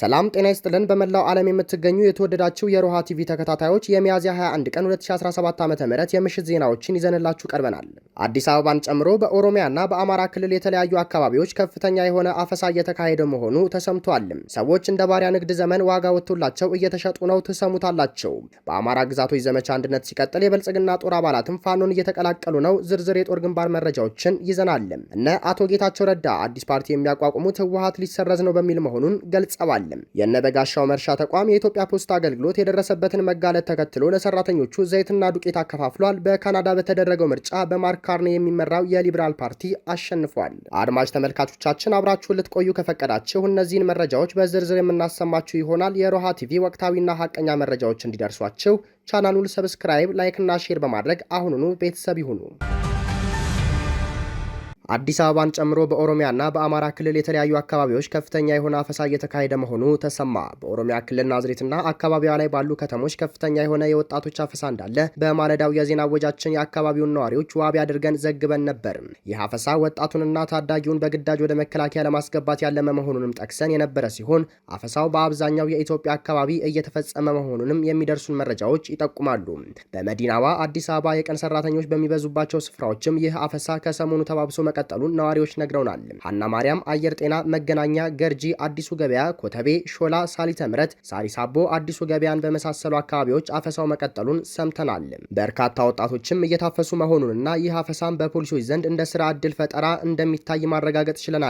ሰላም ጤና ይስጥልን። በመላው ዓለም የምትገኙ የተወደዳችሁ የሮሃ ቲቪ ተከታታዮች የሚያዝያ 21 ቀን 2017 ዓ ም የምሽት ዜናዎችን ይዘንላችሁ ቀርበናል። አዲስ አበባን ጨምሮ በኦሮሚያና በአማራ ክልል የተለያዩ አካባቢዎች ከፍተኛ የሆነ አፈሳ እየተካሄደ መሆኑ ተሰምቷል። ሰዎች እንደ ባሪያ ንግድ ዘመን ዋጋ ወጥቶላቸው እየተሸጡ ነው። ትሰሙታላቸው። በአማራ ግዛቶች ዘመቻ አንድነት ሲቀጥል የብልጽግና ጦር አባላትም ፋኖን እየተቀላቀሉ ነው። ዝርዝር የጦር ግንባር መረጃዎችን ይዘናል። እነ አቶ ጌታቸው ረዳ አዲስ ፓርቲ የሚያቋቁሙት ህወሀት ሊሰረዝ ነው በሚል መሆኑን ገልጸዋል። ተናግረዋል። የእነበጋሻው መርሻ ተቋም የኢትዮጵያ ፖስታ አገልግሎት የደረሰበትን መጋለጥ ተከትሎ ለሰራተኞቹ ዘይትና ዱቄት አከፋፍሏል። በካናዳ በተደረገው ምርጫ በማርክ ካርኔ የሚመራው የሊበራል ፓርቲ አሸንፏል። አድማጭ ተመልካቾቻችን አብራችሁን ልትቆዩ ከፈቀዳችሁ እነዚህን መረጃዎች በዝርዝር የምናሰማችሁ ይሆናል። የሮሃ ቲቪ ወቅታዊና ሀቀኛ መረጃዎች እንዲደርሷችሁ ቻናሉን ሰብስክራይብ፣ ላይክና ሼር በማድረግ አሁኑኑ ቤተሰብ ይሁኑ። አዲስ አበባን ጨምሮ በኦሮሚያና በአማራ ክልል የተለያዩ አካባቢዎች ከፍተኛ የሆነ አፈሳ እየተካሄደ መሆኑ ተሰማ። በኦሮሚያ ክልል ናዝሬትና አካባቢዋ ላይ ባሉ ከተሞች ከፍተኛ የሆነ የወጣቶች አፈሳ እንዳለ በማለዳው የዜና ወጃችን የአካባቢውን ነዋሪዎች ዋቢ አድርገን ዘግበን ነበር። ይህ አፈሳ ወጣቱንና ታዳጊውን በግዳጅ ወደ መከላከያ ለማስገባት ያለመ መሆኑንም ጠቅሰን የነበረ ሲሆን አፈሳው በአብዛኛው የኢትዮጵያ አካባቢ እየተፈጸመ መሆኑንም የሚደርሱን መረጃዎች ይጠቁማሉ። በመዲናዋ አዲስ አበባ የቀን ሰራተኞች በሚበዙባቸው ስፍራዎችም ይህ አፈሳ ከሰሞኑ ተባብሶ መቀጠሉን ነዋሪዎች ነግረውናል። ሀና ማርያም፣ አየር ጤና፣ መገናኛ፣ ገርጂ፣ አዲሱ ገበያ፣ ኮተቤ፣ ሾላ፣ ሳሊተ ምረት፣ ሳሪስ አቦ፣ አዲሱ ገበያን በመሳሰሉ አካባቢዎች አፈሳው መቀጠሉን ሰምተናል። በርካታ ወጣቶችም እየታፈሱ መሆኑንና ይህ አፈሳም በፖሊሶች ዘንድ እንደ ስራ እድል ፈጠራ እንደሚታይ ማረጋገጥ ችለናል።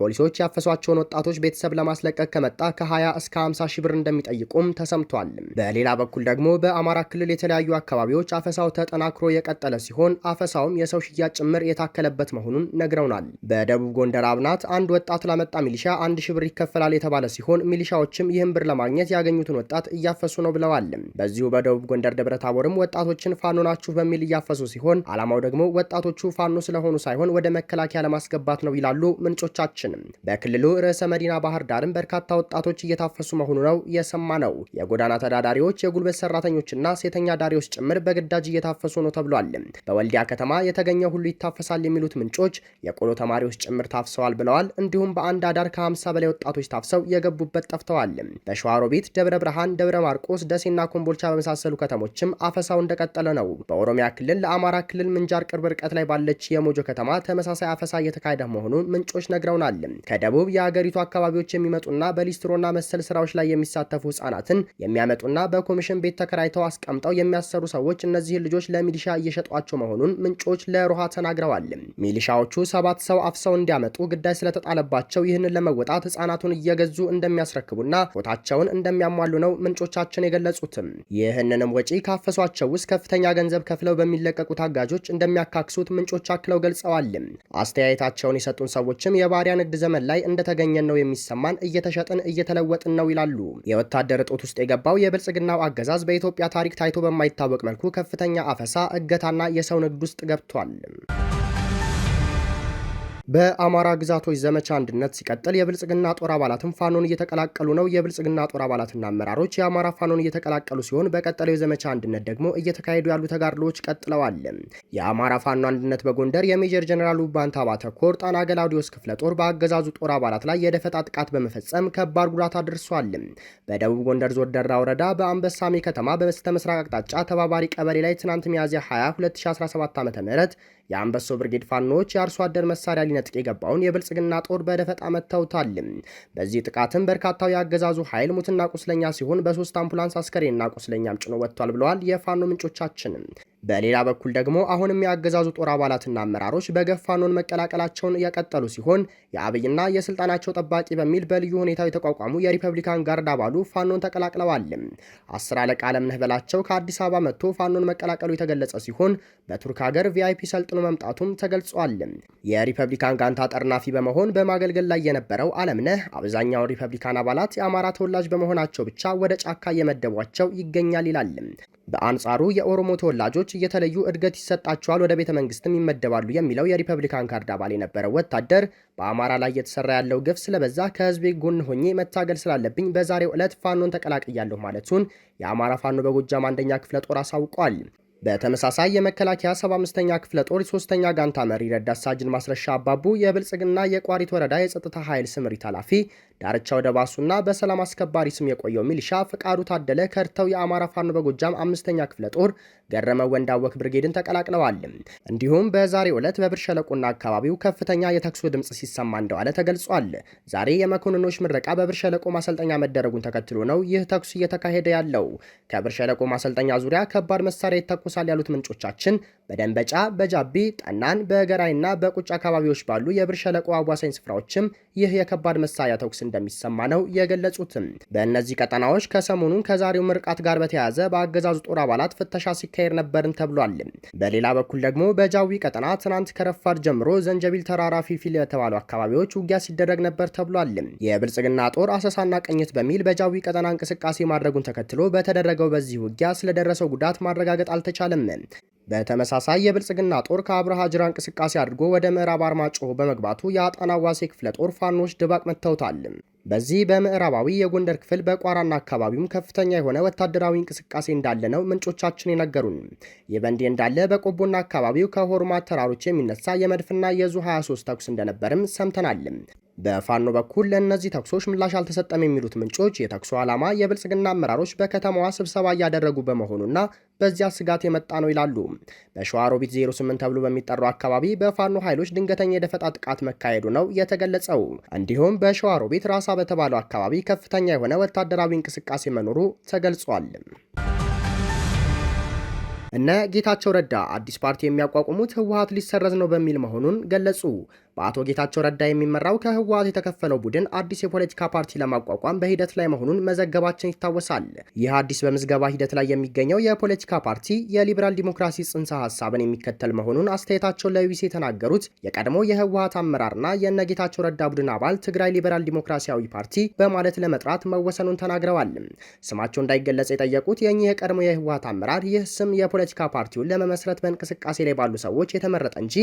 ፖሊሶች ያፈሷቸውን ወጣቶች ቤተሰብ ለማስለቀቅ ከመጣ ከ20 እስከ 50 ሺ ብር እንደሚጠይቁም ተሰምቷል። በሌላ በኩል ደግሞ በአማራ ክልል የተለያዩ አካባቢዎች አፈሳው ተጠናክሮ የቀጠለ ሲሆን አፈሳውም የሰው ሽያጭ ጭምር የታከለበት መሆኑን ነግረውናል። በደቡብ ጎንደር አብናት አንድ ወጣት ላመጣ ሚሊሻ አንድ ሺ ብር ይከፈላል የተባለ ሲሆን ሚሊሻዎችም ይህን ብር ለማግኘት ያገኙትን ወጣት እያፈሱ ነው ብለዋል። በዚሁ በደቡብ ጎንደር ደብረ ታቦርም ወጣቶችን ፋኖ ናችሁ በሚል እያፈሱ ሲሆን ዓላማው ደግሞ ወጣቶቹ ፋኖ ስለሆኑ ሳይሆን ወደ መከላከያ ለማስገባት ነው ይላሉ ምንጮቻችን። በክልሉ ርዕሰ መዲና ባህር ዳርም በርካታ ወጣቶች እየታፈሱ መሆኑ ነው የሰማ ነው። የጎዳና ተዳዳሪዎች፣ የጉልበት ሰራተኞችና ሴተኛ ዳሪዎች ጭምር በግዳጅ እየታፈሱ ነው ተብሏል። በወልዲያ ከተማ የተገኘ ሁሉ ይታፈሳል የሚሉት ምንጮች የቆሎ ተማሪዎች ጭምር ታፍሰዋል ብለዋል። እንዲሁም በአንድ አዳር ከ50 በላይ ወጣቶች ታፍሰው የገቡበት ጠፍተዋል። በሸዋሮቢት፣ ደብረ ብርሃን፣ ደብረ ማርቆስ፣ ደሴና ኮምቦልቻ በመሳሰሉ ከተሞችም አፈሳው እንደቀጠለ ነው። በኦሮሚያ ክልል ለአማራ ክልል ምንጃር ቅርብ ርቀት ላይ ባለች የሞጆ ከተማ ተመሳሳይ አፈሳ እየተካሄደ መሆኑን ምንጮች ነግረውናል። ከደቡብ የአገሪቱ አካባቢዎች የሚመጡና በሊስትሮና መሰል ስራዎች ላይ የሚሳተፉ ህጻናትን የሚያመጡና በኮሚሽን ቤት ተከራይተው አስቀምጠው የሚያሰሩ ሰዎች እነዚህን ልጆች ለሚሊሻ እየሸጧቸው መሆኑን ምንጮች ለሮሃ ተናግረዋል። ሚሊሻዎቹ ባለሙያዎቹ ሰባት ሰው አፍሰው እንዲያመጡ ግዳይ ስለተጣለባቸው ይህንን ለመወጣት ህጻናቱን እየገዙ እንደሚያስረክቡና ቦታቸውን እንደሚያሟሉ ነው ምንጮቻችን የገለጹትም። ይህንንም ወጪ ካፈሷቸው ውስጥ ከፍተኛ ገንዘብ ከፍለው በሚለቀቁ ታጋጆች እንደሚያካክሱት ምንጮች አክለው ገልጸዋል። አስተያየታቸውን የሰጡን ሰዎችም የባሪያ ንግድ ዘመን ላይ እንደተገኘን ነው የሚሰማን፣ እየተሸጥን እየተለወጥን ነው ይላሉ። የወታደር እጦት ውስጥ የገባው የብልጽግናው አገዛዝ በኢትዮጵያ ታሪክ ታይቶ በማይታወቅ መልኩ ከፍተኛ አፈሳ፣ እገታና የሰው ንግድ ውስጥ ገብቷል። በአማራ ግዛቶች ዘመቻ አንድነት ሲቀጥል የብልጽግና ጦር አባላትም ፋኖን እየተቀላቀሉ ነው። የብልጽግና ጦር አባላትና አመራሮች የአማራ ፋኖን እየተቀላቀሉ ሲሆን በቀጠለው የዘመቻ አንድነት ደግሞ እየተካሄዱ ያሉ ተጋድሎዎች ቀጥለዋል። የአማራ ፋኖ አንድነት በጎንደር የሜጀር ጀኔራል ባንታ አባተ ኮር ጣና ገላውዲዮስ ክፍለ ጦር በአገዛዙ ጦር አባላት ላይ የደፈጣ ጥቃት በመፈጸም ከባድ ጉዳት አድርሷል። በደቡብ ጎንደር ዞን ደራ ወረዳ በአንበሳሜ ከተማ በበስተ ምስራቅ አቅጣጫ ተባባሪ ቀበሌ ላይ ትናንት ሚያዝያ 20 2017 ዓ ም የአንበሶ ብርጌድ ፋኖዎች የአርሶ አደር መሳሪያ በነጥቅ የገባውን የብልጽግና ጦር በደፈጣ መትተውታል። በዚህ ጥቃትም በርካታው የአገዛዙ ኃይል ሙትና ቁስለኛ ሲሆን በሶስት አምቡላንስ አስከሬና ቁስለኛም ጭኖ ወጥቷል ብለዋል የፋኖ ምንጮቻችን። በሌላ በኩል ደግሞ አሁንም የአገዛዙ ጦር አባላትና አመራሮች በገፋኖን መቀላቀላቸውን የቀጠሉ ሲሆን የአብይና የስልጣናቸው ጠባቂ በሚል በልዩ ሁኔታ የተቋቋሙ የሪፐብሊካን ጋርድ አባሉ ፋኖን ተቀላቅለዋል። አስር አለቃ አለምነህ በላቸው ከአዲስ አበባ መጥቶ ፋኖን መቀላቀሉ የተገለጸ ሲሆን በቱርክ ሀገር ቪአይፒ ሰልጥኖ መምጣቱም ተገልጿል። የሪፐብሊካን ጋንታ ጠርናፊ በመሆን በማገልገል ላይ የነበረው አለምነህ አብዛኛው ሪፐብሊካን አባላት የአማራ ተወላጅ በመሆናቸው ብቻ ወደ ጫካ እየመደቧቸው ይገኛል ይላል። በአንጻሩ የኦሮሞ ተወላጆች እየተለዩ እድገት ይሰጣቸዋል፣ ወደ ቤተ መንግስትም ይመደባሉ የሚለው የሪፐብሊካን ካርድ አባል የነበረው ወታደር በአማራ ላይ የተሰራ ያለው ግፍ ስለበዛ ከህዝቤ ጎን ሆኜ መታገል ስላለብኝ በዛሬው ዕለት ፋኖን ተቀላቅያለሁ ማለቱን የአማራ ፋኖ በጎጃም አንደኛ ክፍለ ጦር አሳውቋል። በተመሳሳይ የመከላከያ 75ኛ ክፍለ ጦር ሶስተኛ ጋንታ መሪ ረዳት ሳጅን ማስረሻ አባቡ የብልጽግና የቋሪት ወረዳ የጸጥታ ኃይል ስምሪት ኃላፊ ዳርቻ ወደ ባሱና በሰላም አስከባሪ ስም የቆየው ሚሊሻ ፍቃዱ ታደለ ከርተው የአማራ ፋኖ በጎጃም አምስተኛ ክፍለ ጦር ገረመ ወንዳወክ ብርጌድን ተቀላቅለዋል። እንዲሁም በዛሬ ዕለት በብር ሸለቆና አካባቢው ከፍተኛ የተክሶ ድምፅ ሲሰማ እንደዋለ ተገልጿል። ዛሬ የመኮንኖች ምረቃ በብር ሸለቆ ማሰልጠኛ መደረጉን ተከትሎ ነው ይህ ተኩስ እየተካሄደ ያለው። ከብር ሸለቆ ማሰልጠኛ ዙሪያ ከባድ መሳሪያ ይተኮሳል ያሉት ምንጮቻችን በደንበጫ፣ በጃቢ፣ ጠናን፣ በገራይና በቁጭ አካባቢዎች ባሉ የብር ሸለቆ አዋሳኝ ስፍራዎችም ይህ የከባድ መሳሪያ ተኩስ እንደሚሰማ ነው የገለጹትም። በእነዚህ ቀጠናዎች ከሰሞኑን ከዛሬው ምርቃት ጋር በተያያዘ በአገዛዙ ጦር አባላት ፍተሻ ሲካሄድ ነበርን ተብሏል። በሌላ በኩል ደግሞ በጃዊ ቀጠና ትናንት ከረፋድ ጀምሮ ዘንጀቢል ተራራ፣ ፊፊል የተባሉ አካባቢዎች ውጊያ ሲደረግ ነበር ተብሏል። የብልጽግና ጦር አሰሳና ቅኝት በሚል በጃዊ ቀጠና እንቅስቃሴ ማድረጉን ተከትሎ በተደረገው በዚህ ውጊያ ስለደረሰው ጉዳት ማረጋገጥ አልተቻለም። በተመሳሳይ የብልጽግና ጦር ከአብርሃ ጅራ እንቅስቃሴ አድርጎ ወደ ምዕራብ አርማጭሆ በመግባቱ የአጣና ዋሴ ክፍለ ጦር ፋኖች ድባቅ መጥተውታል። በዚህ በምዕራባዊ የጎንደር ክፍል በቋራና አካባቢውም ከፍተኛ የሆነ ወታደራዊ እንቅስቃሴ እንዳለ ነው ምንጮቻችን የነገሩን። ይህ በእንዲህ እንዳለ በቆቦና አካባቢው ከሆርማ ተራሮች የሚነሳ የመድፍና የዙ 23 ተኩስ እንደነበርም ሰምተናል። በፋኖ በኩል ለእነዚህ ተኩሶች ምላሽ አልተሰጠም የሚሉት ምንጮች የተኩሱ ዓላማ የብልጽግና አመራሮች በከተማዋ ስብሰባ እያደረጉ በመሆኑና በዚያ ስጋት የመጣ ነው ይላሉ። በሸዋሮቢት 08 ተብሎ በሚጠራው አካባቢ በፋኖ ኃይሎች ድንገተኛ የደፈጣ ጥቃት መካሄዱ ነው የተገለጸው። እንዲሁም በሸዋሮቢት ራሳ በተባለው አካባቢ ከፍተኛ የሆነ ወታደራዊ እንቅስቃሴ መኖሩ ተገልጿል። እነ ጌታቸው ረዳ አዲስ ፓርቲ የሚያቋቁሙት ህወሀት ሊሰረዝ ነው በሚል መሆኑን ገለጹ። በአቶ ጌታቸው ረዳ የሚመራው ከህወሀት የተከፈለው ቡድን አዲስ የፖለቲካ ፓርቲ ለማቋቋም በሂደት ላይ መሆኑን መዘገባችን ይታወሳል። ይህ አዲስ በምዝገባ ሂደት ላይ የሚገኘው የፖለቲካ ፓርቲ የሊበራል ዲሞክራሲ ጽንሰ ሀሳብን የሚከተል መሆኑን አስተያየታቸውን ለዩቢሲ የተናገሩት የቀድሞ የህወሀት አመራርና የእነ ጌታቸው ረዳ ቡድን አባል ትግራይ ሊበራል ዲሞክራሲያዊ ፓርቲ በማለት ለመጥራት መወሰኑን ተናግረዋል። ስማቸው እንዳይገለጽ የጠየቁት የእኚህ የቀድሞ የህወሀት አመራር ይህ ስም የፖለቲካ ፓርቲውን ለመመስረት በእንቅስቃሴ ላይ ባሉ ሰዎች የተመረጠ እንጂ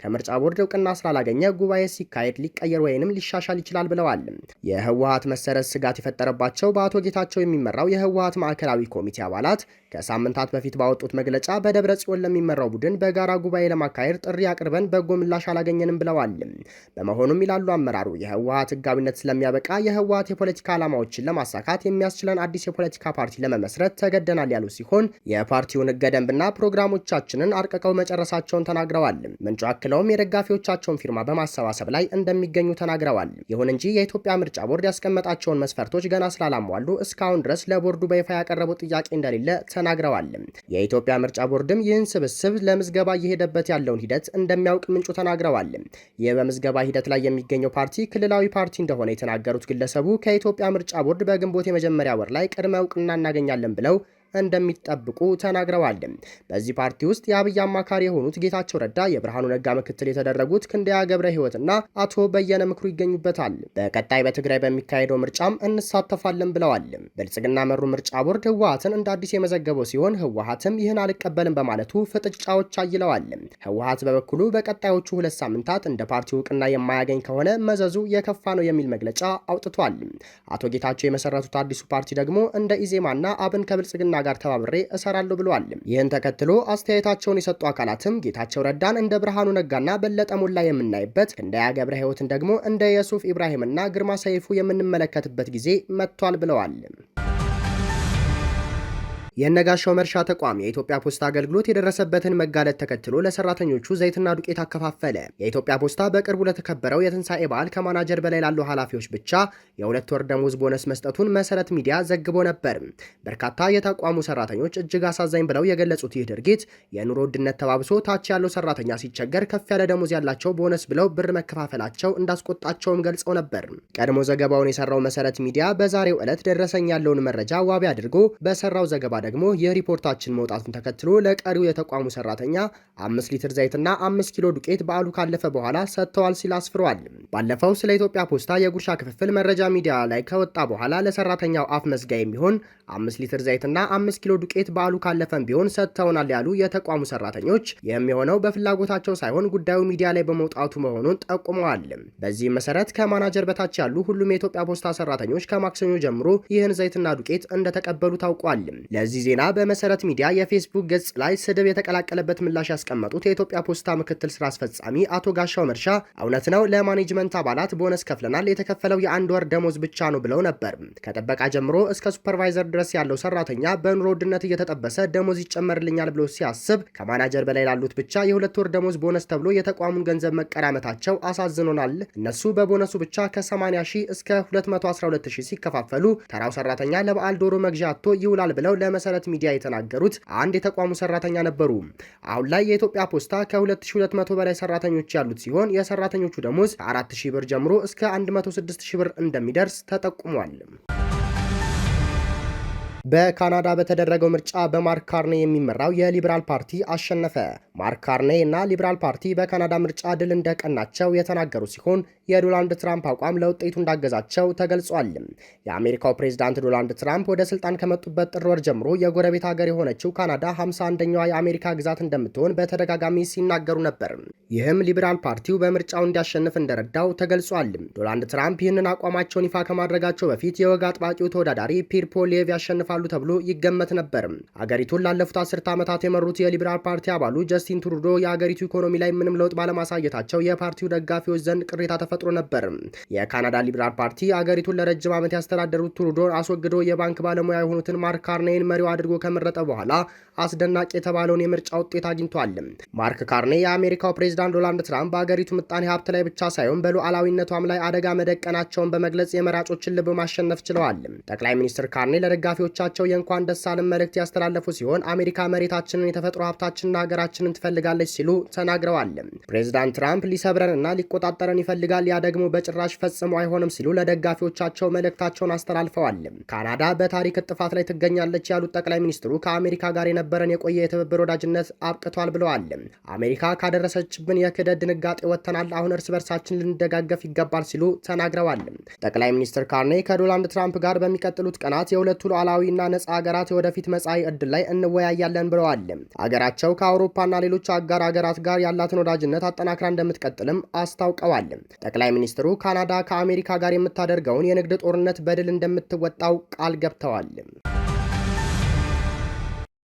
ከምርጫ ቦርድ እውቅና ስላላገኘ ጉባኤ ሲካሄድ ሊቀየር ወይንም ሊሻሻል ይችላል ብለዋል። የህወሀት መሰረት ስጋት የፈጠረባቸው በአቶ ጌታቸው የሚመራው የህወሀት ማዕከላዊ ኮሚቴ አባላት ከሳምንታት በፊት ባወጡት መግለጫ በደብረ ጽዮን ለሚመራው ቡድን በጋራ ጉባኤ ለማካሄድ ጥሪ አቅርበን በጎ ምላሽ አላገኘንም ብለዋል። በመሆኑም ይላሉ አመራሩ የህወሀት ህጋዊነት ስለሚያበቃ የህወሀት የፖለቲካ ዓላማዎችን ለማሳካት የሚያስችለን አዲስ የፖለቲካ ፓርቲ ለመመስረት ተገደናል ያሉ ሲሆን የፓርቲውን ህገ ደንብና ፕሮግራሞቻችንን አርቅቀው መጨረሳቸውን ተናግረዋል። ምንጩ አክለውም የደጋፊዎቻቸውን ፊርማ በማሰባሰብ ላይ እንደሚገኙ ተናግረዋል። ይሁን እንጂ የኢትዮጵያ ምርጫ ቦርድ ያስቀመጣቸውን መስፈርቶች ገና ስላላሟሉ እስካሁን ድረስ ለቦርዱ በይፋ ያቀረቡ ጥያቄ እንደሌለ ተናግረዋል። የኢትዮጵያ ምርጫ ቦርድም ይህን ስብስብ ለምዝገባ እየሄደበት ያለውን ሂደት እንደሚያውቅ ምንጩ ተናግረዋል። ይህ በምዝገባ ሂደት ላይ የሚገኘው ፓርቲ ክልላዊ ፓርቲ እንደሆነ የተናገሩት ግለሰቡ ከኢትዮጵያ ምርጫ ቦርድ በግንቦት የመጀመሪያ ወር ላይ ቅድመ እውቅና እናገኛለን ብለው እንደሚጠብቁ ተናግረዋል። በዚህ ፓርቲ ውስጥ የአብይ አማካሪ የሆኑት ጌታቸው ረዳ የብርሃኑ ነጋ ምክትል የተደረጉት ክንደያ ገብረ ህይወትና አቶ በየነ ምክሩ ይገኙበታል። በቀጣይ በትግራይ በሚካሄደው ምርጫም እንሳተፋለን ብለዋል። ብልጽግና መሩ ምርጫ ቦርድ ህወሀትን እንደ አዲስ የመዘገበው ሲሆን ህወሀትም ይህን አልቀበልም በማለቱ ፍጥጫዎች አይለዋል። ህወሀት በበኩሉ በቀጣዮቹ ሁለት ሳምንታት እንደ ፓርቲው እውቅና የማያገኝ ከሆነ መዘዙ የከፋ ነው የሚል መግለጫ አውጥቷል። አቶ ጌታቸው የመሰረቱት አዲሱ ፓርቲ ደግሞ እንደ ኢዜማና አብን ከብልጽግና ጋር ተባብሬ እሰራለሁ ብለዋል። ይህን ተከትሎ አስተያየታቸውን የሰጡ አካላትም ጌታቸው ረዳን እንደ ብርሃኑ ነጋና በለጠ ሞላ የምናይበት ክንዳያ ገብረ ህይወትን ደግሞ እንደ የሱፍ ኢብራሂምና ግርማ ሰይፉ የምንመለከትበት ጊዜ መጥቷል ብለዋል። የነጋሻው መርሻ ተቋም የኢትዮጵያ ፖስታ አገልግሎት የደረሰበትን መጋለጥ ተከትሎ ለሰራተኞቹ ዘይትና ዱቄት አከፋፈለ። የኢትዮጵያ ፖስታ በቅርቡ ለተከበረው የትንሣኤ በዓል ከማናጀር በላይ ላሉ ኃላፊዎች ብቻ የሁለት ወር ደሞዝ ቦነስ መስጠቱን መሰረት ሚዲያ ዘግቦ ነበር። በርካታ የተቋሙ ሰራተኞች እጅግ አሳዛኝ ብለው የገለጹት ይህ ድርጊት የኑሮ ውድነት ተባብሶ ታች ያለው ሰራተኛ ሲቸገር ከፍ ያለ ደሞዝ ያላቸው ቦነስ ብለው ብር መከፋፈላቸው እንዳስቆጣቸውም ገልጸው ነበር። ቀድሞ ዘገባውን የሰራው መሰረት ሚዲያ በዛሬው ዕለት ደረሰኝ ያለውን መረጃ ዋቢ አድርጎ በሰራው ዘገባ ደግሞ የሪፖርታችን መውጣቱን ተከትሎ ለቀሪው የተቋሙ ሰራተኛ አምስት ሊትር ዘይትና አምስት ኪሎ ዱቄት በዓሉ ካለፈ በኋላ ሰጥተዋል ሲል አስፍሯል። ባለፈው ስለ ኢትዮጵያ ፖስታ የጉርሻ ክፍፍል መረጃ ሚዲያ ላይ ከወጣ በኋላ ለሰራተኛው አፍ መዝጋ የሚሆን አምስት ሊትር ዘይትና አምስት ኪሎ ዱቄት በዓሉ ካለፈም ቢሆን ሰጥተውናል ያሉ የተቋሙ ሰራተኞች ይህም የሆነው በፍላጎታቸው ሳይሆን ጉዳዩ ሚዲያ ላይ በመውጣቱ መሆኑን ጠቁመዋል። በዚህም መሰረት ከማናጀር በታች ያሉ ሁሉም የኢትዮጵያ ፖስታ ሰራተኞች ከማክሰኞ ጀምሮ ይህን ዘይትና ዱቄት እንደተቀበሉ ታውቋል። በዚህ ዜና በመሰረት ሚዲያ የፌስቡክ ገጽ ላይ ስድብ የተቀላቀለበት ምላሽ ያስቀመጡት የኢትዮጵያ ፖስታ ምክትል ስራ አስፈጻሚ አቶ ጋሻው መርሻ እውነት ነው፣ ለማኔጅመንት አባላት ቦነስ ከፍለናል፣ የተከፈለው የአንድ ወር ደሞዝ ብቻ ነው ብለው ነበር። ከጥበቃ ጀምሮ እስከ ሱፐርቫይዘር ድረስ ያለው ሰራተኛ በኑሮ ውድነት እየተጠበሰ ደሞዝ ይጨመርልኛል ብሎ ሲያስብ ከማናጀር በላይ ላሉት ብቻ የሁለት ወር ደሞዝ ቦነስ ተብሎ የተቋሙን ገንዘብ መቀራመታቸው አሳዝኖናል። እነሱ በቦነሱ ብቻ ከ80 ሺህ እስከ 212 ሺህ ሲከፋፈሉ ተራው ሰራተኛ ለበዓል ዶሮ መግዣ አጥቶ ይውላል ብለው ለመ መሰረት ሚዲያ የተናገሩት አንድ የተቋሙ ሰራተኛ ነበሩ። አሁን ላይ የኢትዮጵያ ፖስታ ከ2200 በላይ ሰራተኞች ያሉት ሲሆን የሰራተኞቹ ደሞዝ ከ4000 ብር ጀምሮ እስከ 106000 ብር እንደሚደርስ ተጠቁሟል። በካናዳ በተደረገው ምርጫ በማርክ ካርኔ የሚመራው የሊበራል ፓርቲ አሸነፈ። ማርክ ካርኔ እና ሊበራል ፓርቲ በካናዳ ምርጫ ድል እንደቀናቸው የተናገሩ ሲሆን የዶናልድ ትራምፕ አቋም ለውጤቱ እንዳገዛቸው ተገልጿል። የአሜሪካው ፕሬዝዳንት ዶናልድ ትራምፕ ወደ ስልጣን ከመጡበት ጥር ወር ጀምሮ የጎረቤት ሀገር የሆነችው ካናዳ 51ኛዋ የአሜሪካ ግዛት እንደምትሆን በተደጋጋሚ ሲናገሩ ነበር። ይህም ሊበራል ፓርቲው በምርጫው እንዲያሸንፍ እንደረዳው ተገልጿል። ዶናልድ ትራምፕ ይህንን አቋማቸውን ይፋ ከማድረጋቸው በፊት የወግ አጥባቂው ተወዳዳሪ ፒር ፖል ያሸንፋል ያጠፋሉ ተብሎ ይገመት ነበር። አገሪቱን ላለፉት አስርተ ዓመታት የመሩት የሊበራል ፓርቲ አባሉ ጀስቲን ትሩዶ የአገሪቱ ኢኮኖሚ ላይ ምንም ለውጥ ባለማሳየታቸው የፓርቲው ደጋፊዎች ዘንድ ቅሬታ ተፈጥሮ ነበር። የካናዳ ሊበራል ፓርቲ አገሪቱን ለረጅም ዓመት ያስተዳደሩት ትሩዶ አስወግዶ የባንክ ባለሙያ የሆኑትን ማርክ ካርኔይን መሪው አድርጎ ከመረጠ በኋላ አስደናቂ የተባለውን የምርጫ ውጤት አግኝቷል። ማርክ ካርኔ የአሜሪካው ፕሬዚዳንት ዶናልድ ትራምፕ በሀገሪቱ ምጣኔ ሀብት ላይ ብቻ ሳይሆን በሉዓላዊነቷም ላይ አደጋ መደቀናቸውን በመግለጽ የመራጮችን ልብ ማሸነፍ ችለዋል። ጠቅላይ ሚኒስትር ካርኔ ለደጋፊዎቻቸው የእንኳን ደስ አለን መልእክት ያስተላለፉ ሲሆን አሜሪካ መሬታችንን፣ የተፈጥሮ ሀብታችንና ሀገራችንን ትፈልጋለች ሲሉ ተናግረዋል። ፕሬዚዳንት ትራምፕ ሊሰብረን እና ሊቆጣጠረን ይፈልጋል፣ ያ ደግሞ በጭራሽ ፈጽሞ አይሆንም ሲሉ ለደጋፊዎቻቸው መልእክታቸውን አስተላልፈዋል። ካናዳ በታሪክ እጥፋት ላይ ትገኛለች ያሉት ጠቅላይ ሚኒስትሩ ከአሜሪካ ጋር የነበረን የቆየ የትብብር ወዳጅነት አብቅቷል ብለዋል። አሜሪካ ካደረሰችብን የክህደት ድንጋጤ ወጥተናል። አሁን እርስ በርሳችን ልንደጋገፍ ይገባል ሲሉ ተናግረዋል። ጠቅላይ ሚኒስትር ካርኔ ከዶናልድ ትራምፕ ጋር በሚቀጥሉት ቀናት የሁለቱ ሉዓላዊና ነጻ ሀገራት የወደፊት መጻኢ ዕድል ላይ እንወያያለን ብለዋል። አገራቸው ከአውሮፓና ሌሎች አጋር ሀገራት ጋር ያላትን ወዳጅነት አጠናክራ እንደምትቀጥልም አስታውቀዋል። ጠቅላይ ሚኒስትሩ ካናዳ ከአሜሪካ ጋር የምታደርገውን የንግድ ጦርነት በድል እንደምትወጣው ቃል ገብተዋል።